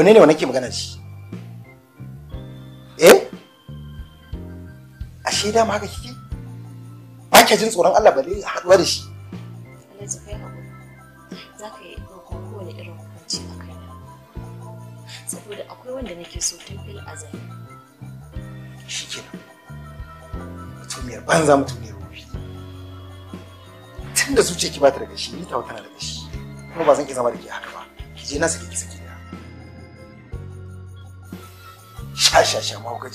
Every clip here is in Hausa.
Wane ne wa nake magana shi eh ashe dama haka kike ba ke jin tsoron Allah ba a haɗuwa da shi saboda akwai wanda nake so tun fil azali shi ke mutumiyar banza mutumiyar rufi tun da zuciya ki ba ta daga shi ni tawa tana daga shi kuma ba zan ki zama da ke haka ba ki je na sake ki sake 行行行，我个。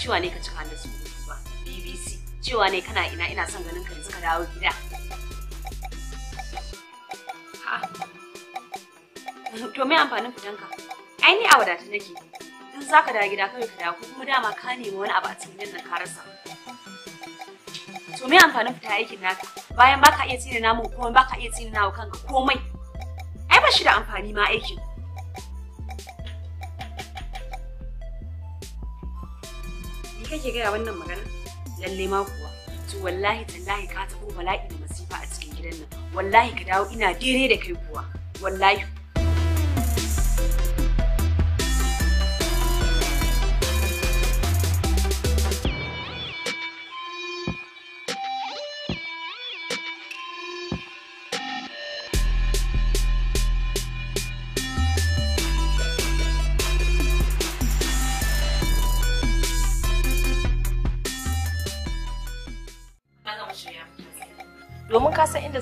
cewa ne ka cika da su ba bbc cewa ne kana ina ina son ganin ka yanzu suka dawo gida ha to me amfanin ka. ai ni a wadata nake in za ka dawo gida kai ka dawo kuma dama ka nemi wani abu a cikin nan ka rasa to me amfanin fita aikin naka bayan baka iya tsina namu komai baka iya tsina nawo kanka komai ai ba shi da amfani ma aikin kai ke gaya wannan magana lalle ma kuwa to wallahi tallahi ka tabo bala'i da masifa a cikin gidan nan wallahi ka dawo ina daidai da kai kuwa wallahi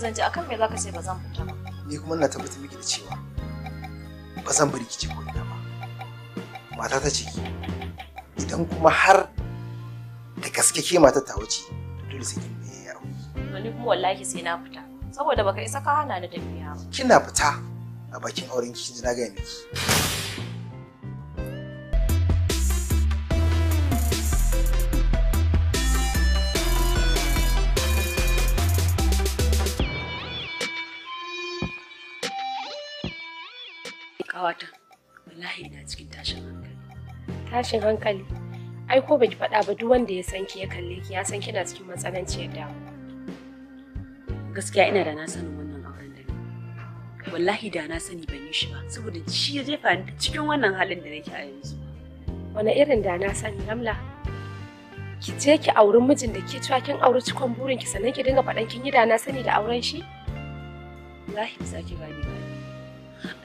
inda akan me zaka ce ba zan fita ba ni kuma ina tabbatar miki da cewa ba zan bari ki ko ina ba mata ta ce ki idan kuma har da gaske ke mata ta wuce dole sai kin biye yaro ni kuma wallahi sai na fita saboda baka isa ka hana ni tafiya ba kina fita a bakin auren ki na ga miki kawata wallahi ina cikin tashin hankali tashin hankali ai ko baki faɗa ba duk wanda ya san ki ya kalle ki ya san kina cikin matsananciyar damuwa gaskiya ina da na sanin wannan auren da ni wallahi da na sani ban yi shi ba saboda shi ya jefa cikin wannan halin da nake a yanzu wani irin da na sani ramla ki je ki auri mijin da ke cewa kin auri cikon burin ki sannan ki dinga faɗan kin yi da na sani da auren shi wallahi ba za ki gane ba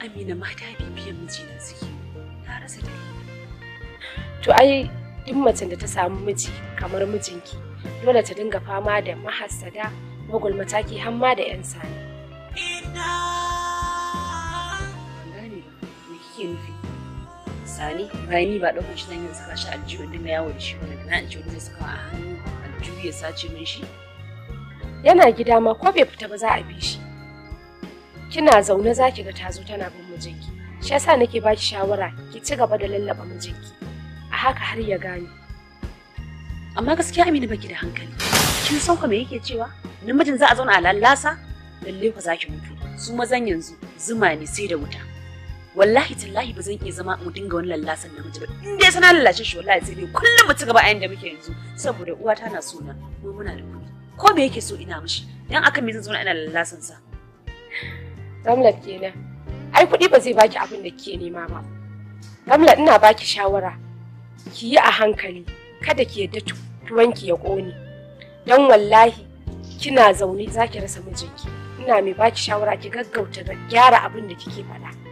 amina mata biyan mijina suke na rasa dalili to ai duk macen da ta samu miji kamar mijinki dole ta dinga fama da mahassada mataki har hamma da yan sani gane me kike nufi sani bayan ni ba ɗauko shi nan yi saka shi aljihu dinga yawo da shi wanda na aljihu zai suka a hannu aljihu ya sace min shi yana gida ma ko bai fita ba za a bi shi kina zaune za ki ga ta zo tana bin mijinki shi yasa nake ba ki shawara ki ci gaba da lallaba mijinki a haka har ya gane amma gaskiya Aminu baki da hankali kin san ko me yake cewa namijin za a zauna a lallasa lalle ku zaki mutu su mazan yanzu zuma ne sai da wuta wallahi tallahi ba zan iya zama mu dinga wani lallasan namiji ba in dai sana lallashe shi wallahi sai dai kullum mu ci gaba a yanda muke yanzu saboda uwata na suna mu muna da ko me yake so ina mishi dan aka me zan zauna ina lallasan sa Ramlat kenan. Ai kuɗi ba zai baki abin da kike nema ba. Ramlat ina baki shawara. Ki yi a hankali, kada ki yadda tuwanki ya ƙone. Don wallahi kina zaune za ki rasa mijinki. Ina mai baki shawara ki gaggauta gyara abin da kike faɗa.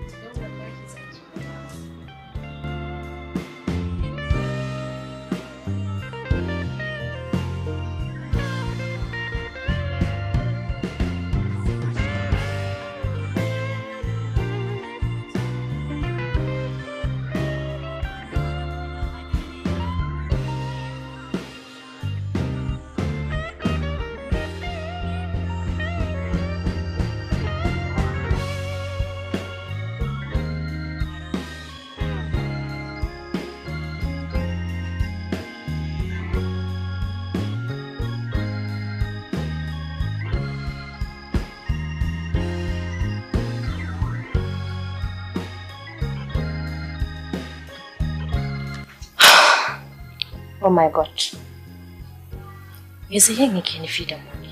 Oh my god me zayyan yake nufi da mu ne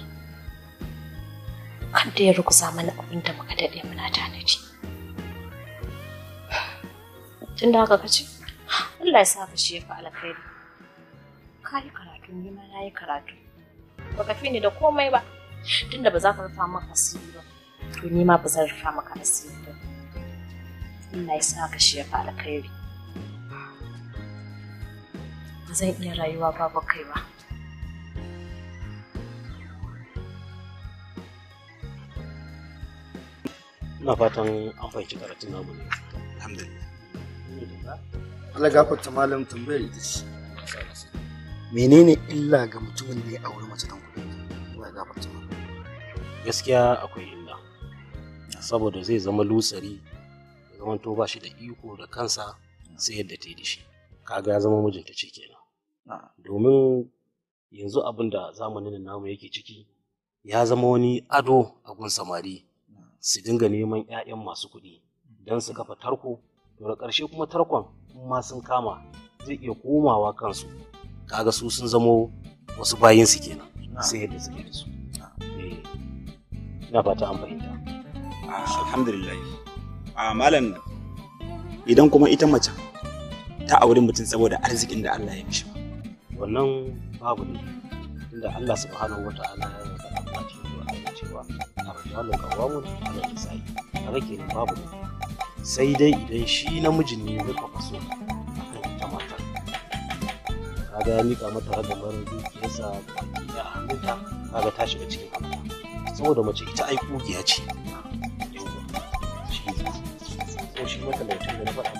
da ya ruguza mana abin da muka daɗe muna tanaji tun da haka kace, ce Allah ya sa ka shi ya fi alkhairi ka yi karatu ni ma na yi karatu ba ka fi ni da komai ba Tun da ba za ka rufa maka asiri ba to ni ma ba zan rufa maka asiri ba Allah ya sa ka shi ya fi alkhairi ba zan iya rayuwa babu kai ba. Ina fatan an fahimci karatun namu ne. Alhamdulillah. Allah gafarta malam tambayar ita ce. Menene illa ga mutumin da ya aure mace don kuɗi? Allah gafarta malam. Gaskiya akwai illa. Saboda zai zama lusari, ya zama to ba shi da iko da kansa sai yadda ta yi da shi. Kaga ya zama mijinta ce kenan. domin yanzu abin da zamanin namu yake ciki ya zama wani ado a gun samari su dinga neman 'ya'yan masu kuɗi don su kafa tarko daga ƙarshe kuma tarkon ma sun kama zai iya komawa kansu kaga su sun zamo wasu bayin su kenan sai yadda suke da su eh, ina fata an fahimta alhamdulillah a malam idan kuma ita mace ta auri mutum saboda arzikin da Allah ya mishi wannan babu ne inda Allah subhanahu wa ta'ala ya yi faɗa a cikin Qur'ani cewa ar-rijalu qawwamun 'ala an a kaga ne babu ne sai dai idan shi namijin ne zai kafa so a kan ita mata kaga ya mika mata ragamar dukiyarsa da hannunta kaga ta shiga cikin amma saboda mace ita ai kugiya ce shi ne, shi matalaucin da na faɗa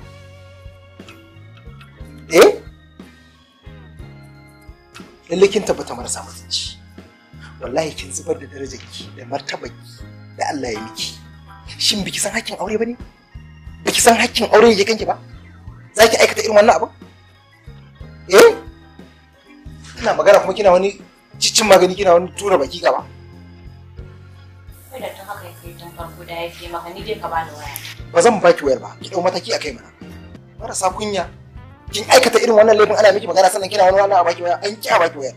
ta marasa mutunci wallahi kin zubar da darajarki da ki da Allah ya miki shin biki san hakkin aure bane biki san hakkin aure yake kanki ba za ki aikata irin wannan abu? eh ina magana kuma kina wani cicin magani kina wani tura baki gaba da ta haka ya tun farko da ya maka ni dai ka da waya ba zan baki wayar ba ki dau mataki akai mana marasa kunya kin aikata irin wannan laifin ana miki magana sannan kina wani wannan a baki waya an ki a baki wayar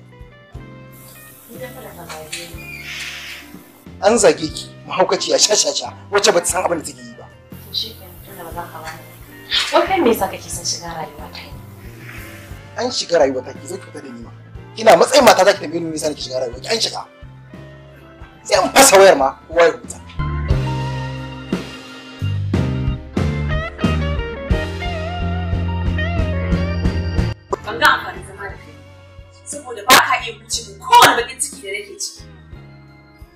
An zage ki mahaukaci a shashasha wacce ba san abin da take yi ba. To shi ke tunda ba za ka Wai me yasa kake son shiga rayuwa ta An shiga rayuwa ta ki zai fita da ni ma. Kina matsayin mata za ki tambaye nuna me shiga rayuwa ki an shiga. Sai an fasa wayar ma kowa ya huta. iya kowane bakin ciki da nake ciki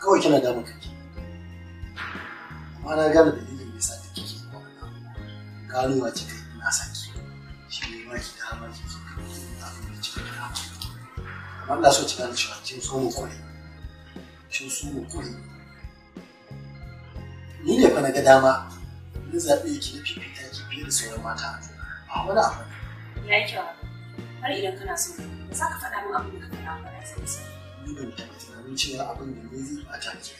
kawai kina damun kanki amma na gane dalilin da yasa da kike yi ganuwa kika yi na saki shi ne ma ki da ki ki abin da kika da amma ina so ki gane cewa kin so mu kure so mu kure ni ne fa na ga dama Ni zaɓe ki da fifita ki fiye da sauran mata ba wani abu ya kyau har idan kana so ba za ka faɗa min abin da ka faɗa ba a tsansa. Ni ban taɓa tunanin cewa abin da ne zai ɓata ki.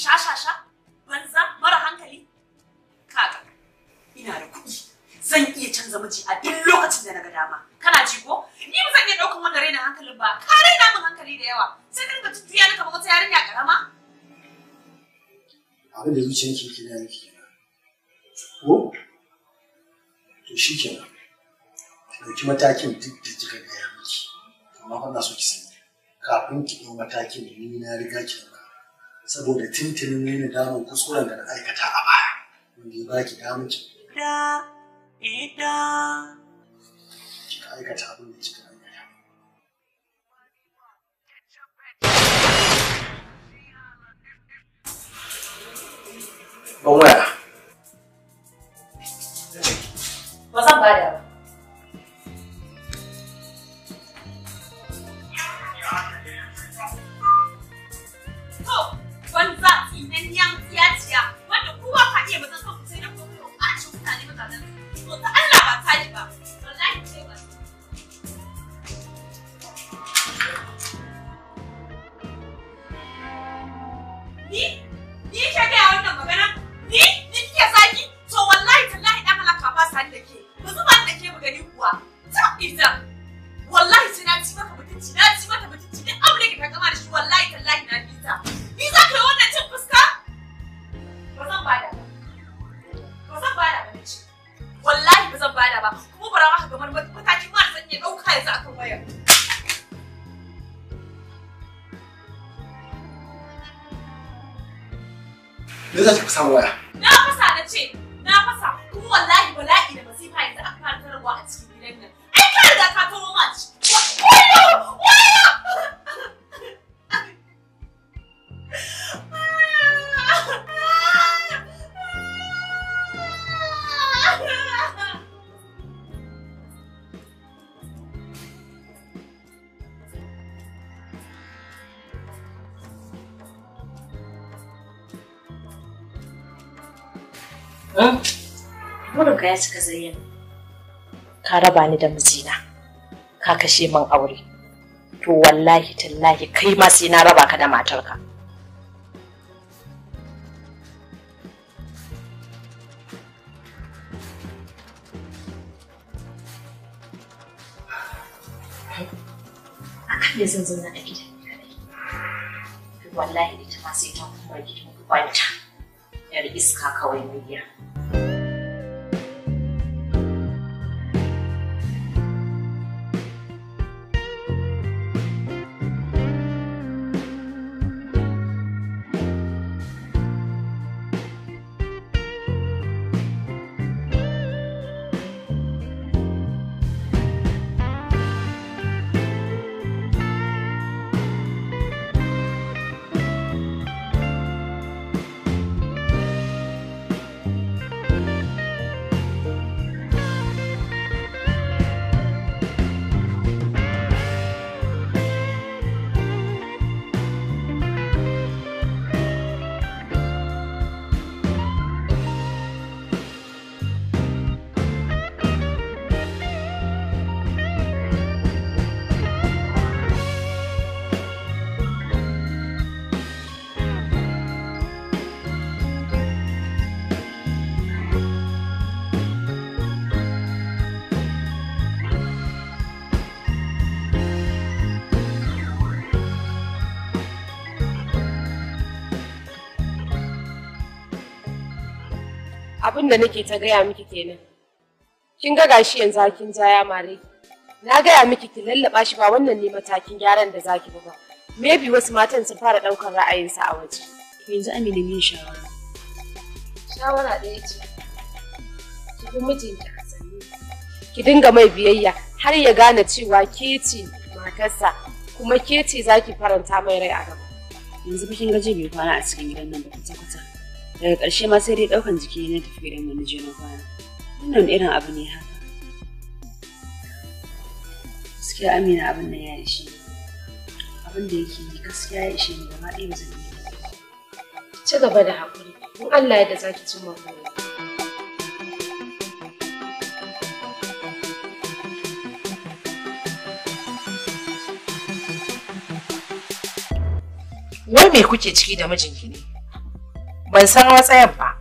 Sha sha sha banza mara hankali kaka ina da kuɗi zan iya canza miji a duk lokacin da na ga dama kana ji ko ni ba zan iya ɗaukan wanda raina hankalin ba ka raina min hankali da yawa sai ka dinga jujjuya ni kamar wata yarinya karama abin da zuciyarki yake da miki ko to shi ke ɗauki matakin duk da kika ya miki amma ba na so ki sani kafin ki ɗau matakin ni na riga ki ɗauka saboda tuntunin na damar kuskuren da na aikata a baya wanda ya baki damar ki da ida kika aikata abin da kika aikata ban waya Vou a ela. ya cika Ka raba ni da mijina, ka kashe min aure. To wallahi tallahi kai ma sai na raba ka da matarka. Akalla zan zauna a gidan wallahi ita ma sai ta kuma gidan kwanta. Yar iska kawai miliya. abin da nake ta gaya miki kenan kin ga gashi yanzu hakin ya mare na gaya miki ki lallaba shi ba wannan ne matakin gyaran da zaki ba maybe wasu matan su fara daukar ra'ayinsa a waje yanzu amina ne shawara shawara ɗaya ce ki bi mijinki a sanni ki dinga mai biyayya har ya gane cewa ke ce matarsa kuma ke ce zaki faranta mai rai a gaba yanzu bikin gaje bai kwana a cikin gidan nan ba kwata-kwata daga ƙarshe ma sai dai ɗaukan jiki na tafi da manajan na kwana wannan irin abu ne haka gaskiya amina abin nan ya ishe abin da yake yi gaskiya ya ishe ni gaba ɗaya ba zan iya ci gaba da haƙuri in Allah ya da zaki cimma burin wai me kuke ciki da mijinki ne ban san matsayar ba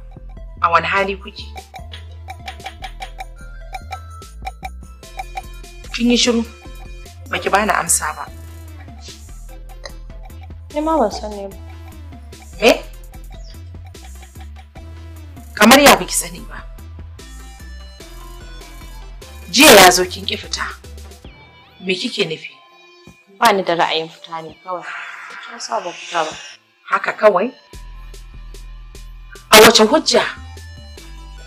a wani hali kuke kin yi shiru ba ki bani amsa ba ni ma ban san ne ba me kamar ya biki sani ba jiya ya zo kin ki fita me kike nufi ba ni da ra'ayin fita ne kawai ba fita ba haka kawai a wace hujja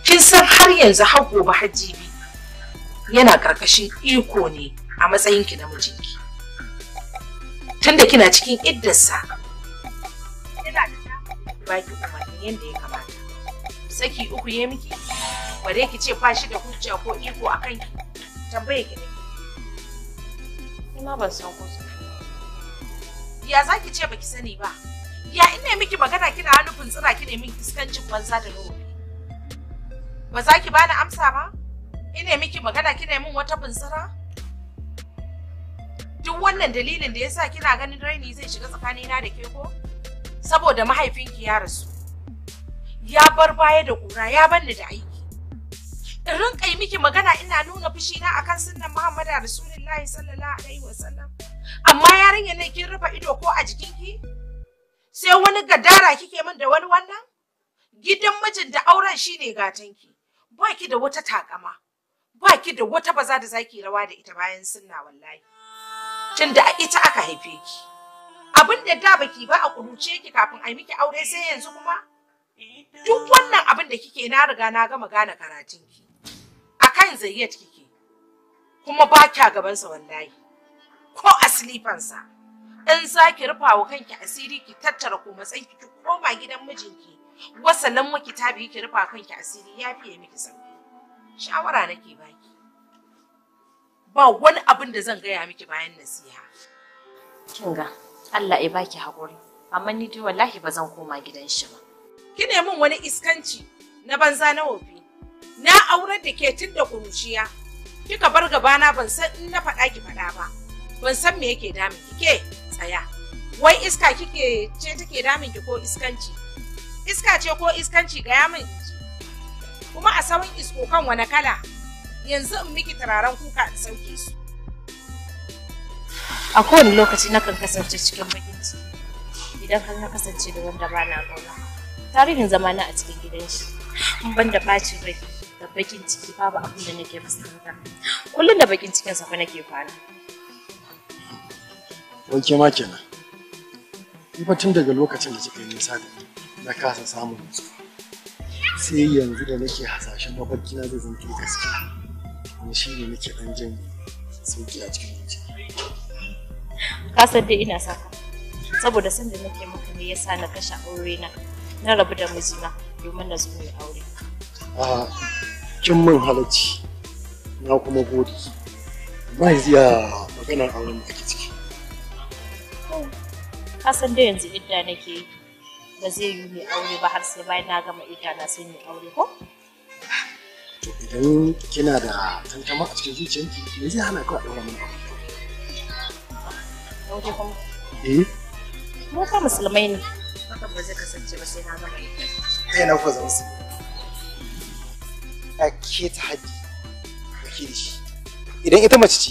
kin san har yanzu har gobe har bi yana karkashin iko ne a matsayinki na mijinki tunda kina cikin iddarsa kina da baki umarni yadda ya kamata saki uku ya miki bare ki ce fa shi da hujja ko iko a kanki tambaye ki ne ina ban san ko ya za ki ce baki sani ba Ya ina miki magana kina nufin tsira kine min iskancin banza da roho. Ba za ki bani amsa ba? Ina miki magana kina min wata buntsira? Duk wannan dalilin da yasa kina ganin raini zai shiga na da ke ko? Saboda mahaifinki ya rasu. Ya bar baya da kura ya banni da aiki. In rinƙa yi miki magana ina nuna fushi na akan sunnan Muhammadu Rasulullahi sallallahu alaihi wasallam. Amma yarinya ne kin rufe ido ko a jikinki? sai wani gadara kike min da wani wannan gidan mijin da auren shine gatanki ba ki da wata takama ba ki da wata baza da zaki rawa da ita bayan sunna wallahi tunda a ita aka haife ki abin da da baki ba a kuruce ki kafin a miki aure sai yanzu kuma duk wannan abin da kike na riga na gama gane karatun ki akan zayyat kike kuma ba kya gabansa wallahi ko a silifansa. in za ki rufa wa kanki asiri ki tattara ko matsayin ki ki koma gidan mijinki wasalan maki ta biyu ki rufa kanki asiri ya fiye miki sauki shawara nake baki ba wani abin da zan gaya miki bayan nasiha kin Allah ya baki haƙuri amma ni dai wallahi ba zan koma gidan shi ba ki min wani iskanci na banza na wofi na aurar da ke tun da kuruciya kika bar gabana ban san in na faɗa ki faɗa ba ban san me yake damu, ki ke tsaya wai iska kike ce take damin ki ko iskanci iska ce ko iskanci gaya min kuma a isko kan wani kala yanzu in miki turaren kuka in sauke su a kowane lokaci na kan kasance cikin bakin ciki idan har na kasance da wanda ba na gauna tarihin zamana a cikin gidan shi in ban da ɓacin rai da bakin ciki babu abin da nake fuskanta kullum da bakin cikinsa fa nake kwana Wanke ma kenan. Ni tun daga lokacin da kika yi nisa da na kasa samun nutsuwa. Sai yanzu da nake hasashen mafarki na zai zanto gaskiya. Kuma shi ne nake ɗan jin sauki a cikin wuce Ka san dai ina saka. Saboda san da nake maka ne yasa na kashe aure na. Na rabu da mijina domin na zo mai aure. A kin min halacci na kuma gode. Ba zai maganar auren da ake ciki. kasan da yanzu idda nake yi ba zai yi ne aure ba har sai bayan na gama idda na san yi aure ko to idan kina da tantama a cikin zuciyanki me zai hana ku a ɗaura mun aure ko eh mu fa musulmai ne haka ba zai kasance ba sai na gama idda kai na ku zama su a ke ta haji da ke da shi idan ita mace ce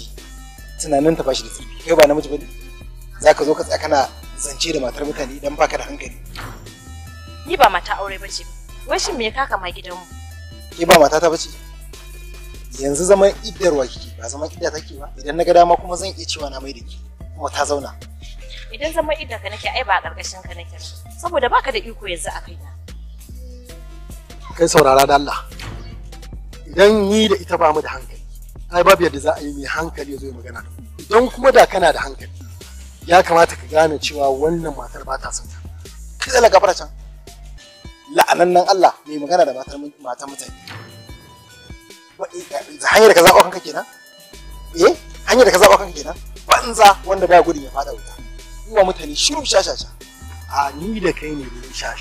tunanin ta ba shi da tsarki. kai ba namiji ba ne za ka zo ka tsaya kana zance da matar mutane idan baka da hankali ni ba mata aure bace wai shin me ka kama gidanmu ke ba mata ta bace yanzu zaman iddarwa kike ba zaman idda take ba idan na ga dama kuma zan iya cewa na mai da ki kuma ta zauna idan zaman idda ka nake ai ba a karkashin ka nake saboda baka da iko yanzu a kaina kai saurara da Allah idan ni da ita ba mu da hankali ai babu yadda za a yi mai hankali ya zo magana idan kuma da kana da hankali ya kamata ka gane cewa wannan matar ba ta son ka tsala gafara can la'anan nan Allah mai magana da matar mutane hanyar ka zaɓa kanka kenan eh hanyar da ka zaɓa kanka kenan banza wanda ba gudun ya fada wuta kuma mutane shiru sha a ni da kai ne ne sha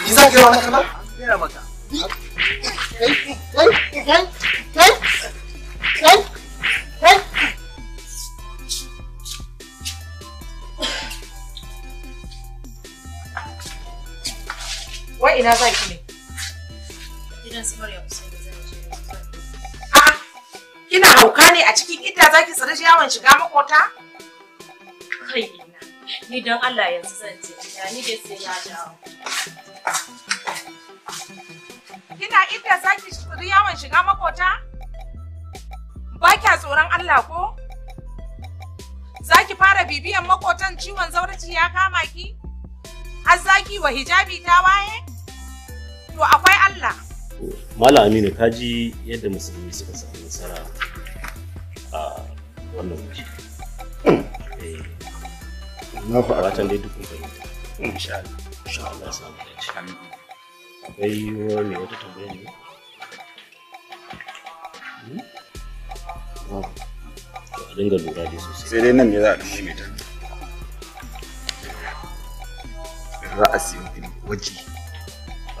ni zan kai wannan kana gaya maka kai kai kai kai kai Wai ina za ki ne? Gidan su Maryam sai da zai je A kina hauka ne a cikin idda za ki yawon shiga makota? Kai ina. Ni don Allah yanzu zan je. Ya ni dai sai ya dawo. Kina idan za ki tsare yawon shiga makota? Ba kya tsoron Allah ko? Za ki fara bibiyan makotan ciwon zauraci ya kama ki? Har zaki wa hijabi ta waye? To akwai Allah. Malam Aminu ka ji yadda musulmi suka samu nasara a wannan waje. Eh, na fi aratan dai dukkan fahimta. Insha Allah. Insha Allah samu dace. Akwai wani wata tambaya ne? Hmm? To a dinga lura dai sosai. Sai dai nan ne za a ɗan mai ta. Ra'asi wajen waje.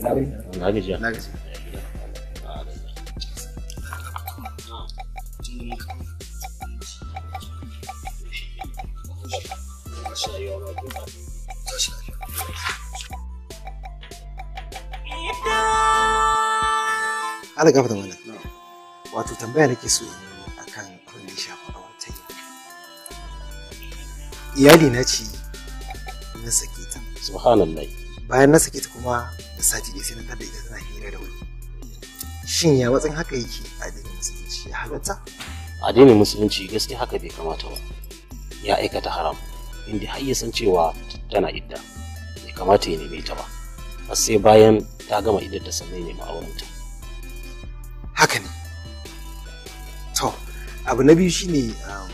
Na gafa da mana. Wato tambaya nake so akan abin da ya Iyali na ci na sake ta. Subhanallah. Bayan na sake ta kuma da sati ɗaya sai na tada ita tana hira da wani shin ya watsin haka yake addinin musulunci ya halatta addinin musulunci gaskiya haka bai kamata ba ya aikata haram inda har ya san cewa tana idda bai kamata ya neme ta ba har sai bayan ta gama iddar ta sannan ya nemi aurenta haka ne to abu na biyu shine um,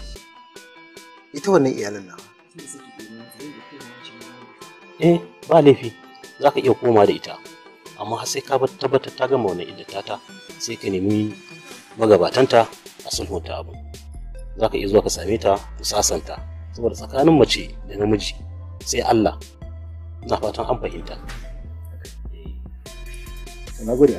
ita wannan iyalin nawa eh ba laifi za ka iya koma da ita amma har sai ka tabbatar ta gama wannan iddata ta sai ka nemi magabatanta a ta abu za ka iya zuwa ka same ta ku sasanta saboda tsakanin mace da namiji sai Allah na fatan an fahimta. Na gode.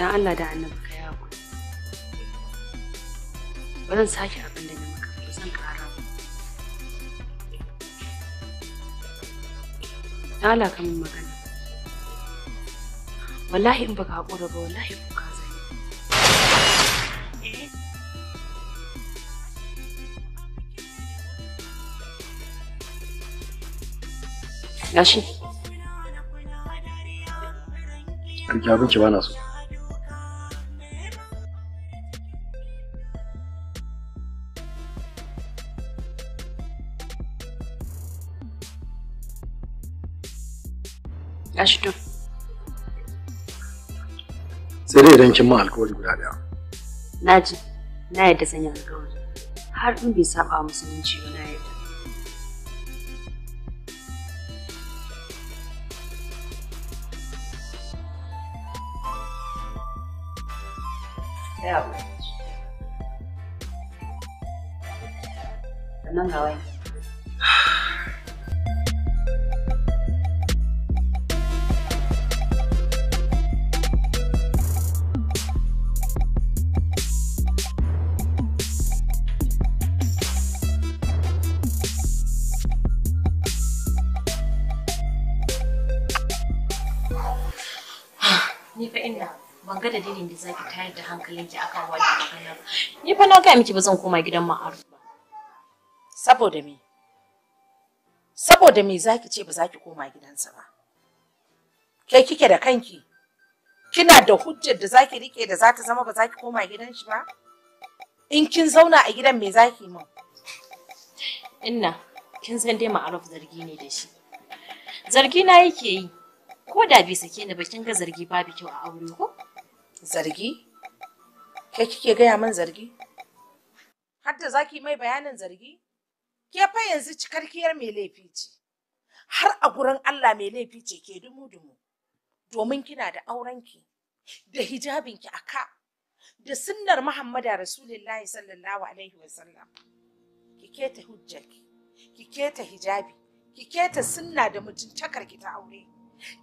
dan Allah da annabi ka yawo ba zan sake abin da na maka ba zan kara dan Allah ka min magana wallahi in baka haƙura ba wallahi kuka zai eh? gashi An kya bana so. idan kin ma alkawari guda daya na ji na yadda sanya alkawari har in bai saba musulunci ba na ban ga dalilin da zaki tayar da hankalinki akan wannan magana ba ni fa na ga miki ba zan koma gidan ma'aruf ba saboda me saboda me zaki ce ba zaki koma gidansa ba ke kike da kanki kina da hujjar da zaki rike da zata zama ba zaki koma gidan ba in kin zauna a gidan me zaki min inna kin san dai ma'aruf zargi ne da shi zargi na yake yi ko da bai sake ni ba kin ga zargi babu kyau a aure ko zargi ke kike gaya min zargi har da zaki mai bayanin zargi ke fa yanzu cikarkiyar mai laifi ce har a gurin Allah mai laifi ce ke dumu-dumu domin kina da aurenki da hijabinki a ka da sunnar Muhammada Rasulullahi sallallahu alaihi wasallam ki keta hujjaki. ki keta hijabi ki keta sunna da ki ta aure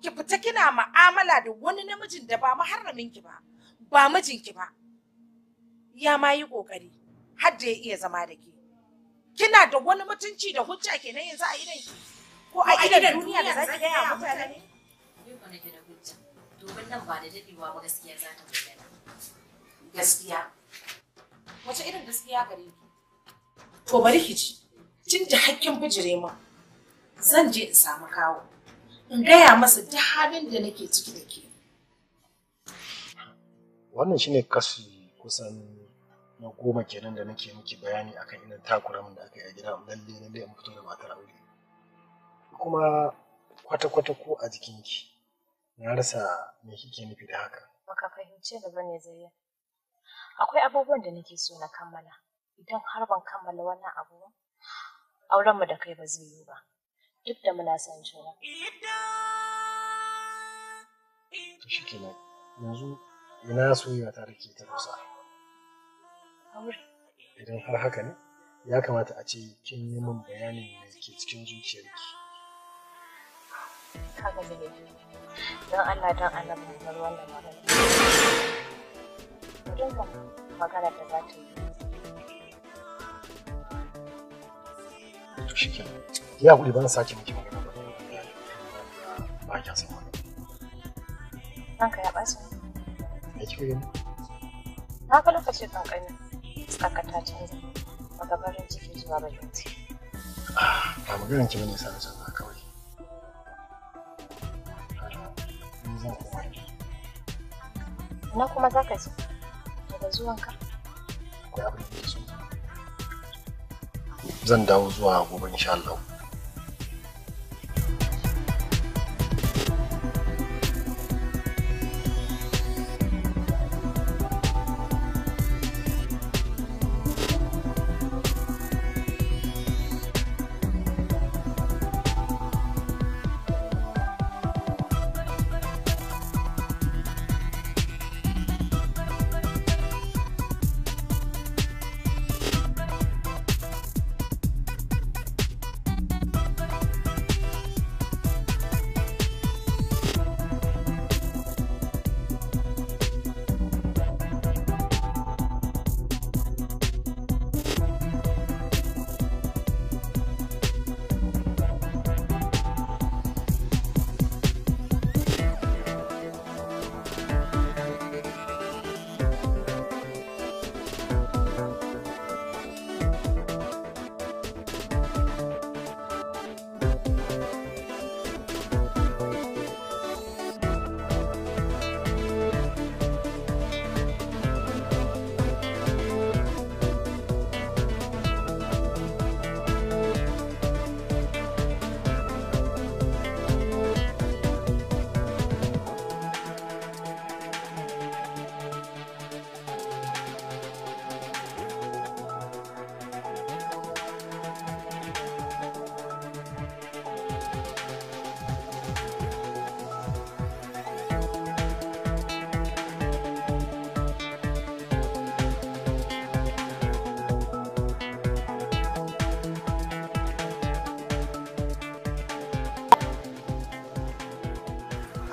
ki fita kina ma'amala da wani namijin da ba maharramin ki ba ba mijinki ba ya ma yi kokari har da ya iya zama da ke kina da wani mutunci da hujja kenan yanzu a idan ki ko a idan duniya da zaki ga mutane ne da hujja domin nan ba da dadewa ba gaskiya za ta bayyana gaskiya wace irin gaskiya gare ki to bari ki ci, cin da hakkin bijire ma zan je in samu kawo in gaya masa duk halin da nake ciki da ke. Wannan shine kasu kusan na goma kenan da nake miki bayani akan irin takuramin da aka yi a gida lalle lalle in fito da matar aure. Kuma kwata-kwata ko a jikinki na rasa me kike nufi da haka. Baka fahimce da bane zai Akwai abubuwan da nake so na kammala idan har ban kammala wannan abu auren mu da kai ba zai yi ba. duk da muna son juna. Shi kenan yanzu ina soyayya ta rike ta kusa. Idan har haka ne, ya kamata a ce kin yi min bayanin da ke cikin zuciyarki. Haka ne, don Allah don Allah mu bar wannan magana. Mu magana da za ta yi. ya kuɗi ba na sake miki ba ba kya san Dan ka ya ɓaci me kika gani na ga lokaci kankani tsaka ta canza daga farin ciki zuwa bakin ciki ba maganar ki bane sanar sanar kawai na kuma za ka zo daga zuwanka zan dawo zuwa gobe insha Allah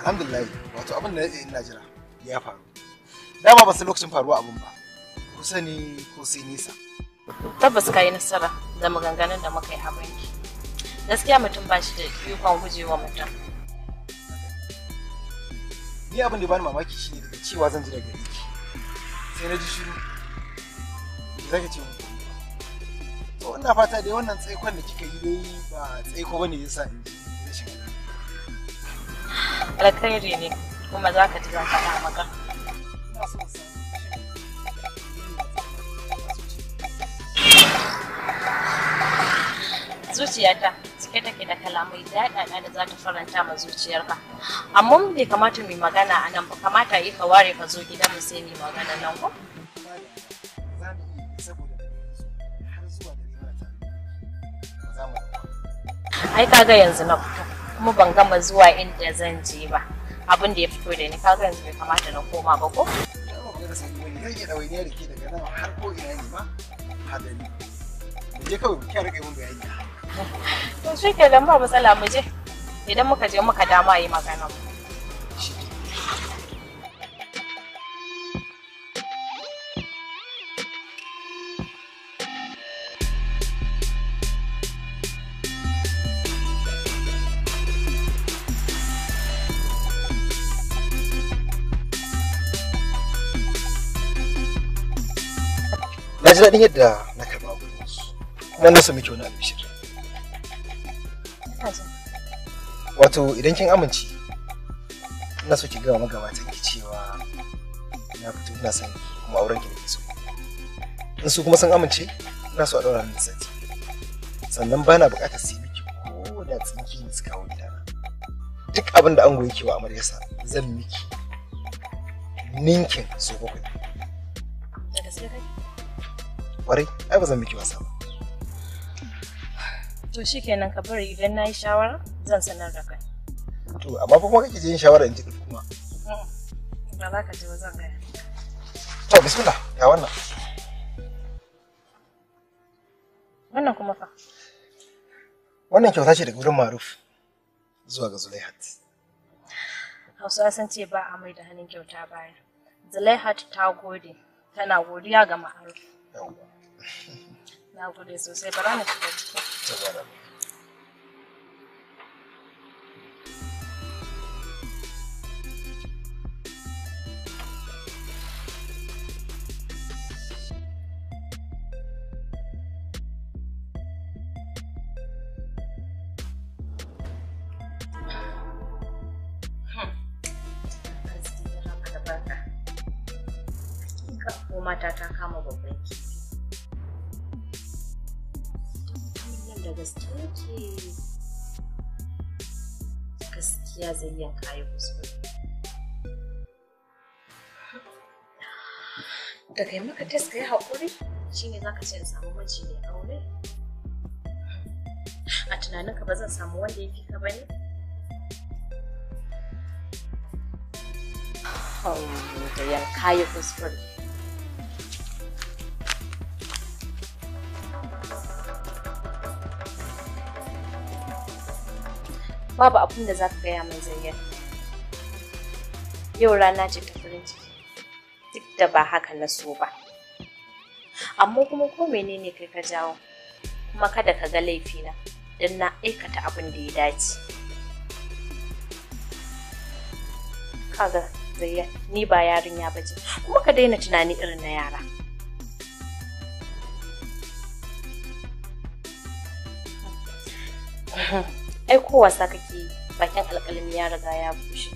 alhamdulillah wato abin da ina jira ya faru dama ba su lokacin faruwa abin ba kusa ne ko sai nisa tabbas ka yi nasara da maganganun da muka yi a banki gaskiya mutum ba shi da ikon gujewa mutum ni abin da bani mamaki shine daga cewa zan ji daga ki sai na ji shiru ka ce to ina fata dai wannan tsaikon da kika yi dai ba tsaiko bane yasa in ji alkhairi ne kuma za ka tura faɗa maka. Zuciyata cike take da kalamai daɗaɗa da za ta faranta ma zuciyarka. Amma bai kamata mu yi magana a nan ba kamata yi ka ware ka zo gida mu sai mu yi magana nan ko? Ai kaga yanzu na fito. kuma ban gama zuwa inda zan je ba abin da ya fito da ni kaga yanzu bai kamata na koma ba ko to shi ke ba matsala mu je idan muka je muka dama yi magana mu ji daɗin yadda na karɓa wurin su na nasa miki wani albishir wato idan kin amince ina so ki gaya magabatan ki cewa na fito ina son kuma auren ki nake so in su kuma sun amince ina so a ɗaura min sati sannan ba na buƙatar sai miki ko da tsinki ne su kawo gidana duk abin da ango yake wa amaryarsa zan miki ninkin so bakwai Kwarai, ai ba zan miki wasa ba. To shikenan ka bari idan na yi shawara zan sanar da kai. To amma kuma kake jin shawara in ji kuma. Mm, ba za ka ji ba zan gaya. To bismillah ga wannan. Wannan kuma fa. Wannan kyauta ce daga wurin Maruf zuwa ga Zulaihat. Hausawa sun ce ba a mai da hannun kyauta baya. Zulaihat ta gode, tana godiya ga Maruf. na gode sosai bara na shiga ciki hmm. mata ta kama babba gaskiya ce gaskiya zai iya kayi kuskure da kai maka test ka yi haƙuri shine za ka ce in samu miji mai aure a tunaninka ba zan samu wanda ya fi ka ba ne Oh, da kayi kuskure babu abin da za ka gaya mai zayyana yau rana ce ta farin ciki duk da ba haka na so ba amma kuma ko menene kai ka jawo kuma kada ka ga laifina don na aikata abin da ya dace kaga zayya ni ba yarinya ba baje kuma ka daina tunani irin na yara Mm-hmm. ai ko wasa kake bakin alƙalmi ya riga ya bushe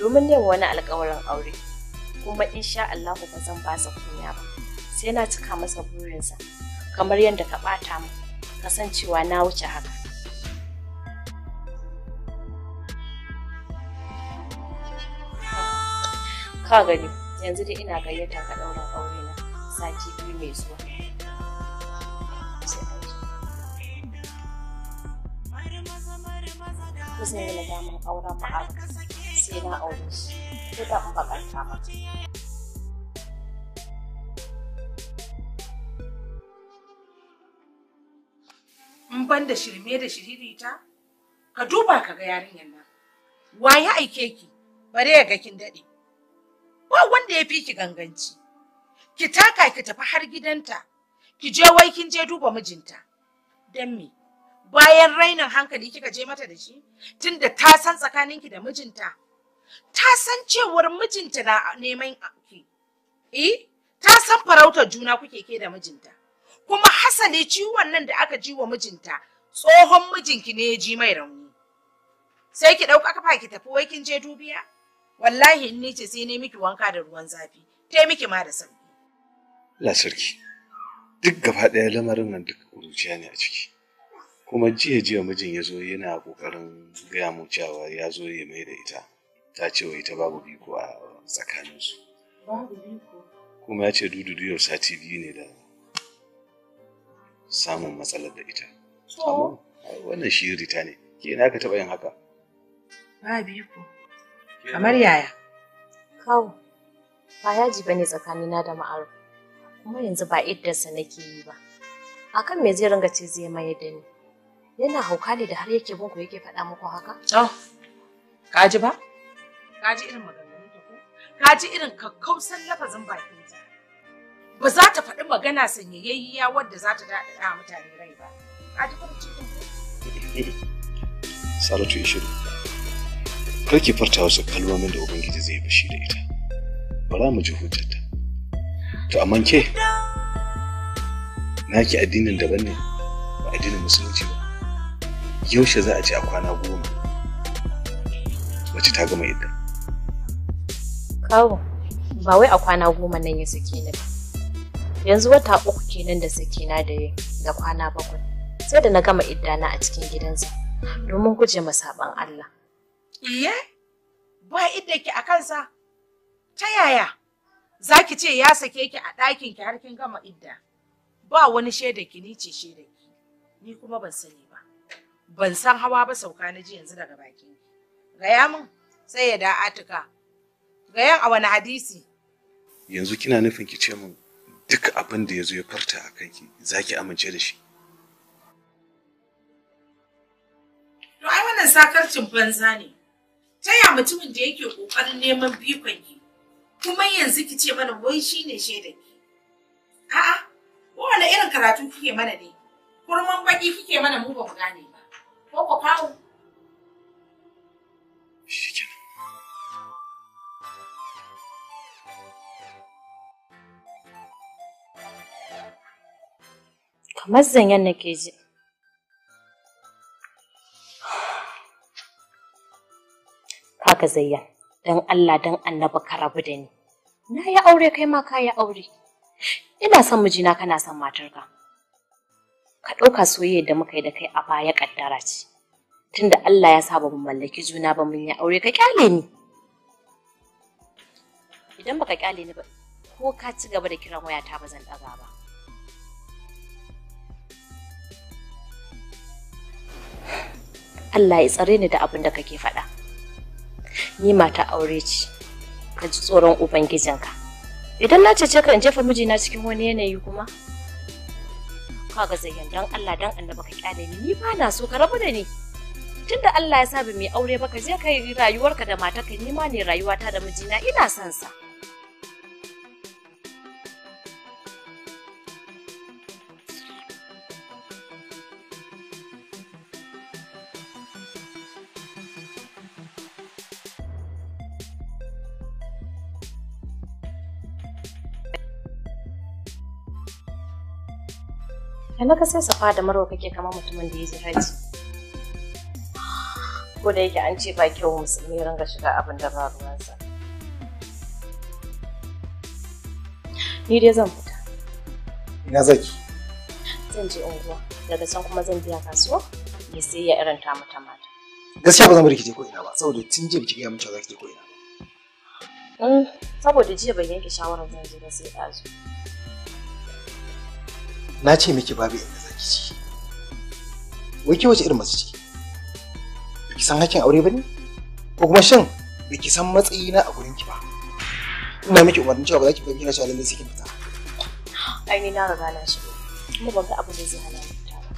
domin yin wani alƙawarin aure kuma insha Allah ba zan ba sa kunya ba sai na cika masa burinsa kamar yadda ka bata mu kasancewa na wuce haka ka gani yanzu dai ina gayyatar ka daura aure na sati biyu mai zuwa ba zai yi nadaman auren ba sai na aure shi ko da in bakanta in da shirme da shiririta ka duba ka ga yarinyar nan waye aike ki bare ya ga kin daɗe ba wanda ya fi ki ganganci ki taka ki tafi har gidanta ki je wai kin je duba mijinta dan me bayan rainin hankali kika je mata da shi tunda ta san tsakaninki da mijinta ta san cewar mijinta na neman ki eh ta san farautar juna kuke ke da mijinta kuma hasali ciwon nan da aka jiwa mijinta tsohon mijinki ne ya ji mai rauni sai ki ɗauka kafa ki tafi wai kin je dubiya wallahi in ni ce sai ne miki wanka da ruwan zafi tai miki ma da sauki la sarki duk gaba ɗaya lamarin nan duk kuruciya ne a ciki kuma jiya jiya mijin ya zo yana kokarin gaya mu cewa ya zo ya mai da ita ta ce wa ita babu biko a tsakaninsu babu biko kuma ya ce dudu duyar sati biyu ne da samun matsalar da ita wannan shi rita ne ke na ka taɓa yin haka ba biko kamar yaya kawo ba yaji bane tsakanina da ma'aru kuma yanzu ba iddarsa nake yi ba akan me zai ringa ce zai maye da ni Yana hauka ne da har yake bunku yake faɗa muku haka? Oh, ka ji ba? Ka ji irin maganganun ta ko? Ka ji irin kakkausan lafazin bakin ta. Ba za ta faɗi magana sanyayayya wadda za ta daɗa mutane rai ba. Ka ji farin cikin Salatu Ishiru, kar ki farta wasu kalmomin da Ubangiji zai fushi da ita. Bara mu ji hujjata. To amma ke, naki addinin daban ne, ba addinin musulunci ba. yaushe za a ci a kwana goma wacce ta gama idda kawo ba wai a kwana goma nan ya suke ni ba yanzu wata uku kenan da suke na da da kwana bakwai sai da na gama idda na a cikin gidansa domin guje ma saban Allah iye ba idda ki a kansa ta yaya za ki ce ya sake ki a ɗakin ki har kin gama idda ba wani shaida ki ni ce shaida ki ni kuma ban sani ban san hawa ba sauka na ji yanzu daga baki gaya min sai ya da atika gayan a wani hadisi yanzu kina nufin ki ce min duk abin da ya zo ya farta a kanki za ki amince da shi to ai wannan sakarcin banza ne ta ya mutumin da yake kokarin neman bikon ki kuma yanzu ki ce mana wai shine shaidan ki a'a kowane irin karatu kike mana ne kurman baki kike mana mu ba mu gane ko ku kawo kamar nake ji kaka zayyan don Allah don annaba ka rabu da ni na yi aure kai ma ka yi aure ina son mijina kana son matarka ka ɗauka soyayyar da muka yi da kai a baya ƙaddara ce tunda Allah ya saba mu mallaki juna ba mun yi aure ka kyale ni idan baka kyale ni ba ko ka ci gaba da kiran wayata ba zan ɗaga ba Allah ya tsare ni da abin da kake faɗa. Ni mata aure ce, ka ji tsoron Ubangijinka. Idan na cece ka in jefa mijina cikin wani yanayi kuma, kaga zayyan dan Allah dan annaba ka kyale ni ni ba na so ka rabu da ni tunda Allah ya saba mai aure ba ka je kai rayuwarka da matarka ni ma ne rayuwata da mijina ina son sa da naka sai safa da marwa kake kama mutumin da ya je haji ko da yake an ce ba kyau musulmi ringa shiga abin da ba ruwansa ni dai zan fita ina zaki zan je unguwa daga can kuma zan biya kasuwa ya sai ya irin ta mata mata gaskiya ba zan bari ki je ko ina ba saboda tun jiya biki ga mun cewa zaki je ko ina mm, saboda jiya ban yanke shawarar zan je ba sai ɗazu na ce miki babu inda zaki ci wai ki wace irin masu ciki? ki san hakkin aure bane ko kuma shin biki san matsayi na a gurin ki ba ina miki umarnin cewa ba za ki bar kira cewa lallai sai ki fita ai ni na riga na shigo kuma ban ga abin da zai hana ni fita ba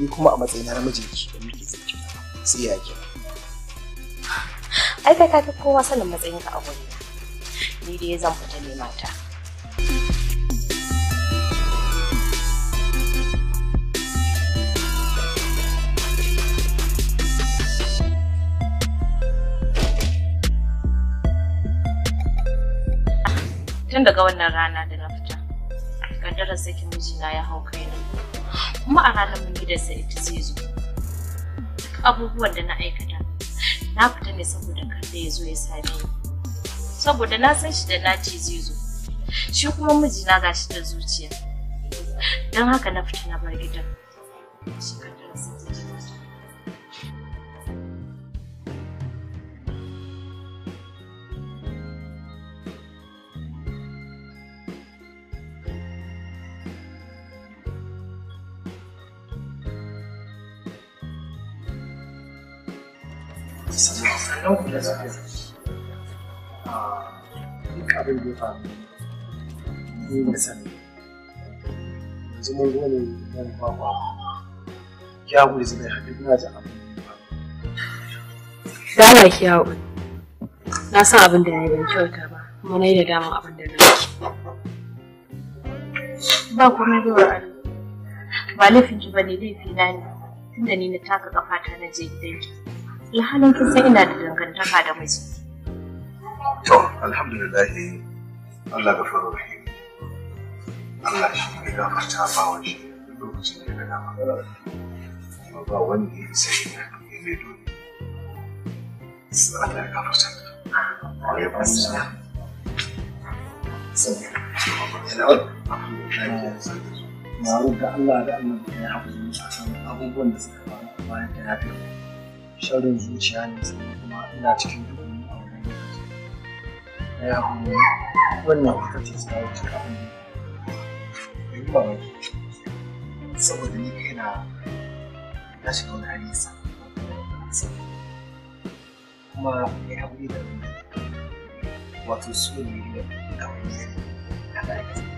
ni kuma a matsayina na mijinki da miki zai sai ya ki ai kai ka fi kowa sanin matsayinka a gurin ni dai zan fita ne mata tun daga wannan rana da na fita kaddarar sakin mijina ya hau kai kaina kuma a ranar mun gidansa ita zai zo duk abubuwan da na aikata na fita ne saboda kada ya zo ya same ni saboda na san shi da na ce zai zo shi kuma mijina shi da zuciya don haka na fita na bar gidan shi gaskiya abin da ya faru ni sani yanzu mun ya gudu zai haɗu abin da ya ki yawo na san abin da ya yi ban kyauta ba kuma na yi da damar abin da na yi ba komai bai wa ba laifin ki ba ne laifi na ne tunda ni na taka kafata na je gidanki alhalin kin san ina da dangantaka da miji. To, alhamdulillah Allah ga faru rahim. Allah shi ne gafarta shi lokacin da ya Kuma ba sai ya Allah ya gafarta. Allah da Allah ya abubuwan da suka bayan da ya fi sharin zuciya ne kuma ina cikin duhuni a wannan lokacin na ya hulu wannan ita ce tsawon cika abin da ya ba wani saboda ni kai na shiga wani kuma ya da wato su ne da kawai